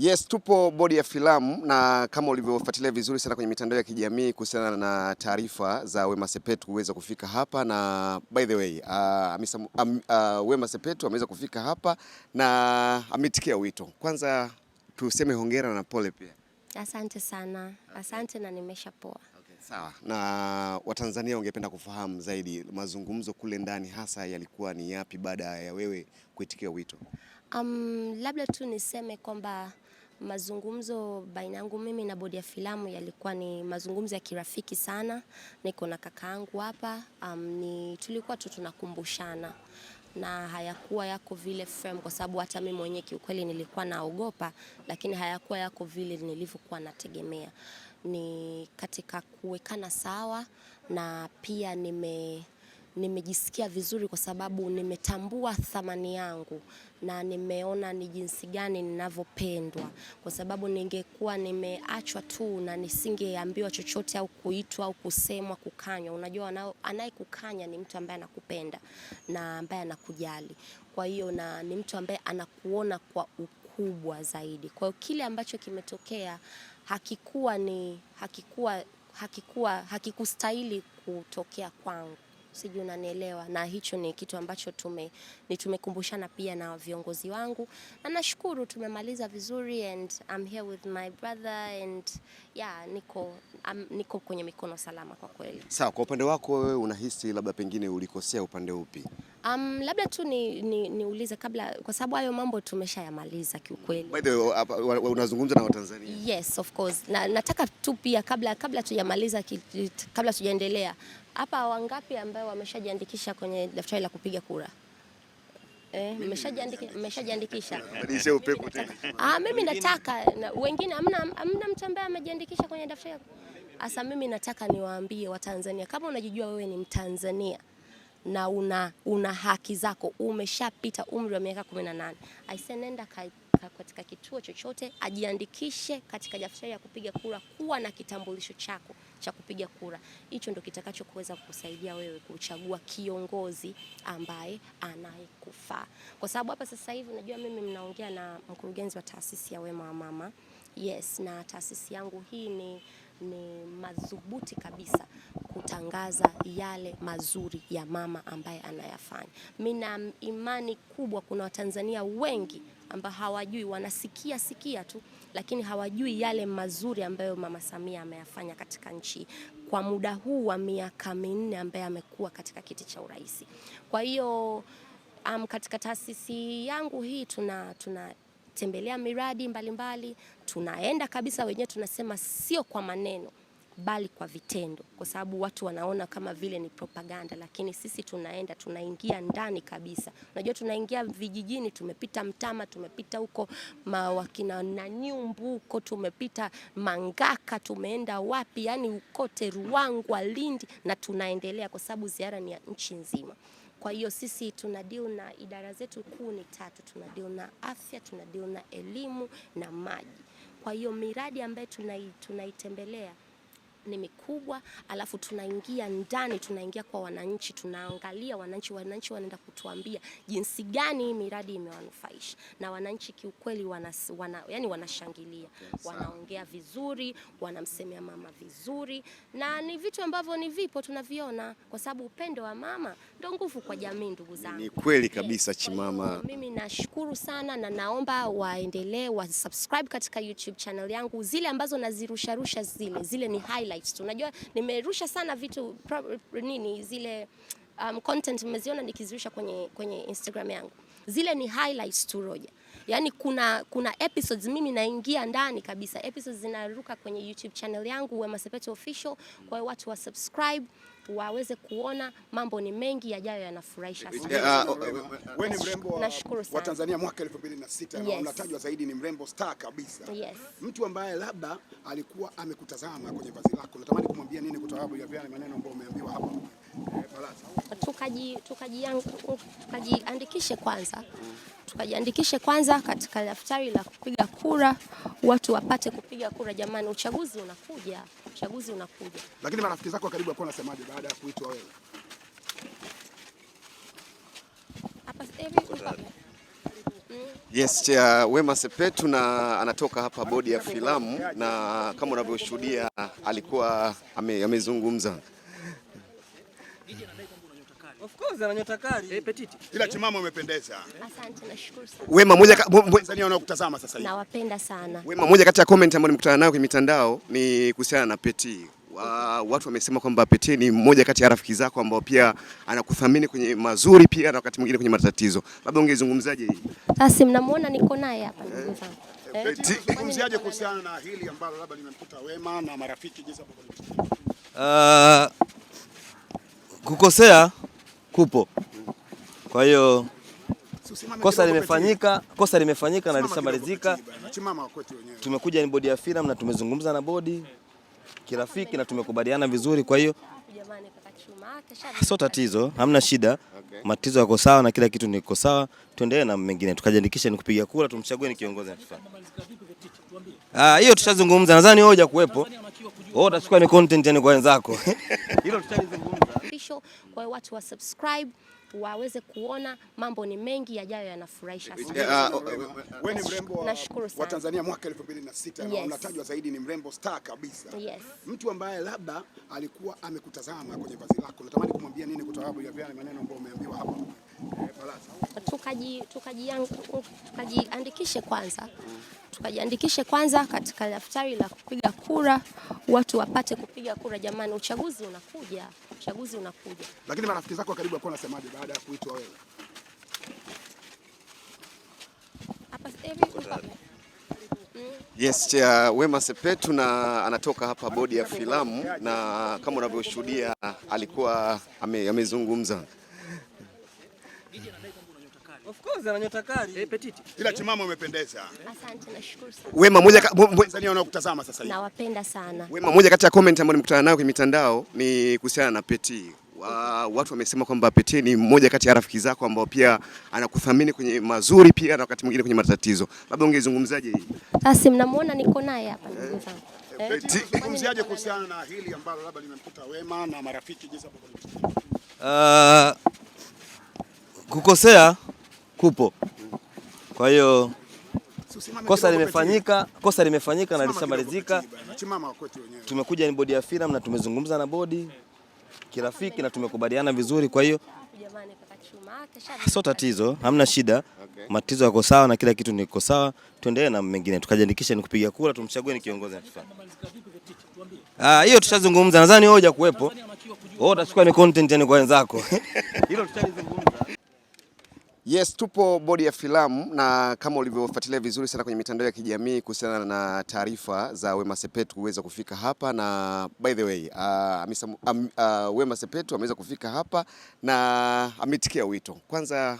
Yes, tupo bodi ya filamu na kama ulivyofuatilia vizuri sana kwenye mitandao ya kijamii kuhusiana na taarifa za Wema Sepetu kuweza kufika hapa, na by the way uh, um, uh, Wema Sepetu ameweza kufika hapa na ametikia wito. Kwanza tuseme hongera na pole pia. Asante sana, asante na nimeshapoa. Okay, sawa. Na Watanzania wangependa kufahamu zaidi mazungumzo kule ndani hasa yalikuwa ni yapi baada ya wewe kuitikia wito? Um, labda tu niseme kwamba Mazungumzo baina yangu mimi na bodi ya filamu yalikuwa ni mazungumzo ya kirafiki sana. Niko na kakaangu hapa, um, ni tulikuwa tu tunakumbushana na hayakuwa yako vile firm kwa sababu hata mimi mwenyewe kiukweli nilikuwa naogopa, lakini hayakuwa yako vile nilivyokuwa nategemea. Ni katika kuwekana sawa na pia nime nimejisikia vizuri kwa sababu nimetambua thamani yangu na nimeona ni jinsi gani ninavyopendwa, kwa sababu ningekuwa nimeachwa tu na nisingeambiwa chochote au kuitwa au kusemwa, kukanywa. Unajua, anayekukanya ni mtu ambaye anakupenda na ambaye anakujali, kwa hiyo na ni mtu ambaye anakuona kwa ukubwa zaidi. Kwa hiyo kile ambacho kimetokea hakikuwa ni hakikuwa hakikuwa hakikustahili kutokea kwangu sijui unanielewa, na hicho ni kitu ambacho tume ni tumekumbushana pia na viongozi wangu, na nashukuru tumemaliza vizuri and I'm here with my brother and yeah, niko um, niko kwenye mikono salama kwa kweli. Sawa, kwa upande wako wewe unahisi labda pengine ulikosea upande upi? Um, labda tu ni, ni, ni kabla kwa sababu hayo mambo tumeshayamaliza kiukweli. By the way, unazungumza na Watanzania? Yes, of course. Na, nataka tu pia kabla kabla tujamaliza kabla tujaendelea hapa, wangapi ambao wameshajiandikisha kwenye daftari la kupiga kura? Eh, mmeshajiandikisha? Ah, mimi nataka na, wengine amna, amna mtu ambaye amejiandikisha kwenye daftari. Asa mimi nataka niwaambie Watanzania, kama unajijua wewe ni Mtanzania na una, una haki zako, umeshapita umri wa miaka 18. Aise, nenda katika kituo chochote, ajiandikishe katika daftari ya kupiga kura, kuwa na kitambulisho chako cha kupiga kura. Hicho ndio kitakachokuweza kukusaidia wewe kuchagua kiongozi ambaye anayekufaa, kwa sababu hapa sasa hivi unajua, mimi mnaongea na mkurugenzi wa taasisi ya Wema wa Mama. Yes, na taasisi yangu hii ni ni madhubuti kabisa kutangaza yale mazuri ya mama ambaye anayafanya. Mimi na imani kubwa kuna Watanzania wengi ambao hawajui, wanasikia sikia tu, lakini hawajui yale mazuri ambayo Mama Samia ameyafanya katika nchi kwa muda huu wa miaka minne ambaye amekuwa katika kiti cha urais. Kwa hiyo um, katika taasisi yangu hii tuna, tuna tunatembelea miradi mbalimbali mbali, tunaenda kabisa wenyewe tunasema sio kwa maneno bali kwa vitendo, kwa sababu watu wanaona kama vile ni propaganda, lakini sisi tunaenda tunaingia ndani kabisa. Unajua, tunaingia vijijini, tumepita Mtama, tumepita huko mawakina na Nyumbu huko, tumepita Mangaka, tumeenda wapi, yani Ukote, Ruangwa, Lindi na tunaendelea, kwa sababu ziara ni ya nchi nzima. Kwa hiyo sisi tuna deal na idara zetu kuu ni tatu, tuna deal na afya, tuna deal na elimu na maji. Kwa hiyo miradi ambayo tunaitembelea tunaitembelea ni mikubwa, alafu tunaingia ndani, tunaingia kwa wananchi, tunaangalia wananchi, wananchi wanaenda kutuambia jinsi gani hii miradi imewanufaisha, na wananchi kiukweli wana, wana, yani wanashangilia wanaongea vizuri, wanamsemea mama vizuri, na ni vitu ambavyo ni vipo tunaviona, kwa sababu upendo wa mama ndio nguvu kwa jamii. Ndugu zangu, ni kweli kabisa Chimama. Mimi nashukuru sana na naomba waendelee wa subscribe katika YouTube channel yangu, zile ambazo nazirusharusha zile zile ni highlight highlights tu. Unajua nimerusha sana vitu pro, nini zile um, content mmeziona nikizirusha kwenye, kwenye Instagram yangu zile ni highlights tu Roja. Yaani kuna, kuna episodes mimi naingia ndani kabisa, episodes zinaruka kwenye YouTube channel yangu Wema Sepetu Official. Kwa hiyo watu wa subscribe waweze kuona, mambo ni mengi yajayo yanafurahisha sana. Eh, ah, oh, Wewe ni mrembo wa Tanzania mwaka 2006 na unatajwa zaidi ni mrembo star kabisa. Yes. Mtu ambaye labda alikuwa amekutazama kwenye vazi lako, natamani kumwambia nini kwa sababu ya maneno ambayo umeambiwa hapo? tukajiandikishe tukaji kwanza tukajiandikishe kwanza katika daftari la kupiga kura, watu wapate kupiga kura. Jamani, uchaguzi unakuja, uchaguzi unakuja. Lakini marafiki zako wa karibu walikuwa wanasemaje baada ya kuitwa wewe? Eh, hmm. Yes, cha Wema Sepetu na anatoka hapa bodi ya filamu, na kama unavyoshuhudia alikuwa amezungumza ame Of course ana nyota kali. Eh, petiti. Ila chimama umependeza. Asante nashukuru sana. Wema moja Tanzania wanaokutazama sasa hivi. Nawapenda sana. Wema moja kati ya comment ambayo nimekutana nayo kwenye mitandao ni kuhusiana na Peti. Wa, watu wamesema kwamba Peti ni mmoja kati ya rafiki zako ambao pia anakuthamini kwenye mazuri pia na wakati mwingine kwenye matatizo. Labda ungezungumzaje hii? Sasa mnamuona niko naye hapa ndugu eh, zangu. Eh, eh? kuhusiana na hili ambalo labda limemkuta Wema na marafiki jinsi ambavyo Uh, kukosea kupo. Kwa hiyo kosa limefanyika, kosa limefanyika na lisamalizika. Tumekuja ni bodi ya filamu na tumezungumza na bodi kirafiki na tumekubaliana vizuri, kwa hiyo sio tatizo, hamna shida. Okay. Matatizo yako sawa na kila kitu niko sawa, tuendelee na mengine, ni nikupiga kura, tumchague ni kiongozi anatufaa. Ah, hiyo tushazungumza, nadhani wewe hujakuwepo. Wewe utachukua ni content yani kwa wenzako hilo official. Kwa hiyo watu wa subscribe waweze kuona mambo ni mengi yajayo yanafurahisha sana. Eh, ah, oh, eh, Wewe ni mrembo wa, wa Tanzania mwaka 2006 na unatajwa zaidi ni mrembo star kabisa. Yes. Mtu ambaye labda alikuwa amekutazama kwenye vazi lako, natamani kumwambia nini kwa sababu ya maneno ambayo umeambiwa hapo? tukajiandikishe kwanza tukajiandikishe kwanza katika daftari la kupiga kura, watu wapate kupiga kura. Jamani, uchaguzi unakuja, uchaguzi unakuja. Lakini marafiki zako karibu hapo wanasemaje baada ya kuitwa wewe hapa sasa hivi? Mm. Yes, cha Wema Sepetu na anatoka hapa bodi ya filamu, na kama unavyoshuhudia alikuwa amezungumza ame Of course ana nyota kali. Eh, Ila umependeza. Eh? Asante sana. Wema moja sasa hivi. Nawapenda sana. Wema moja kati ya comment ambayo nimekutana nayo kwenye mitandao ni kuhusiana na Peti. Wa, watu wamesema kwamba Peti ni mmoja kati ya rafiki zako ambao pia anakuthamini kwenye mazuri pia na wakati mwingine kwenye matatizo. Labda ungezungumzaje hii? Sasa mnamuona niko naye hapa ndugu zangu. Peti, kuhusiana na hili ambalo labda limemkuta Wema na marafiki jinsi ambavyo ah, kukosea kupo, kwa hiyo kosa limefanyika, kosa limefanyika na lishamalizika. Tumekuja ni bodi ya filamu na tumezungumza na bodi kirafiki na tumekubaliana vizuri, kwa hiyo sio tatizo, hamna shida. Matizo yako sawa na kila kitu niko sawa, tuendelee na mengine, tukajiandikisha ni kupiga kura, tumchague ni kiongozi anatufaa. Ah, hiyo tushazungumza, nadhani wewe hujakuwepo, wewe utachukua ni content yani kwa wenzako hilo tushalizungumza. Yes, tupo bodi ya filamu na kama ulivyofuatilia vizuri sana kwenye mitandao ya kijamii kuhusiana na taarifa za Wema Sepetu kuweza kufika hapa, na by the way uh, um, uh, Wema Sepetu ameweza kufika hapa na ametikia wito. Kwanza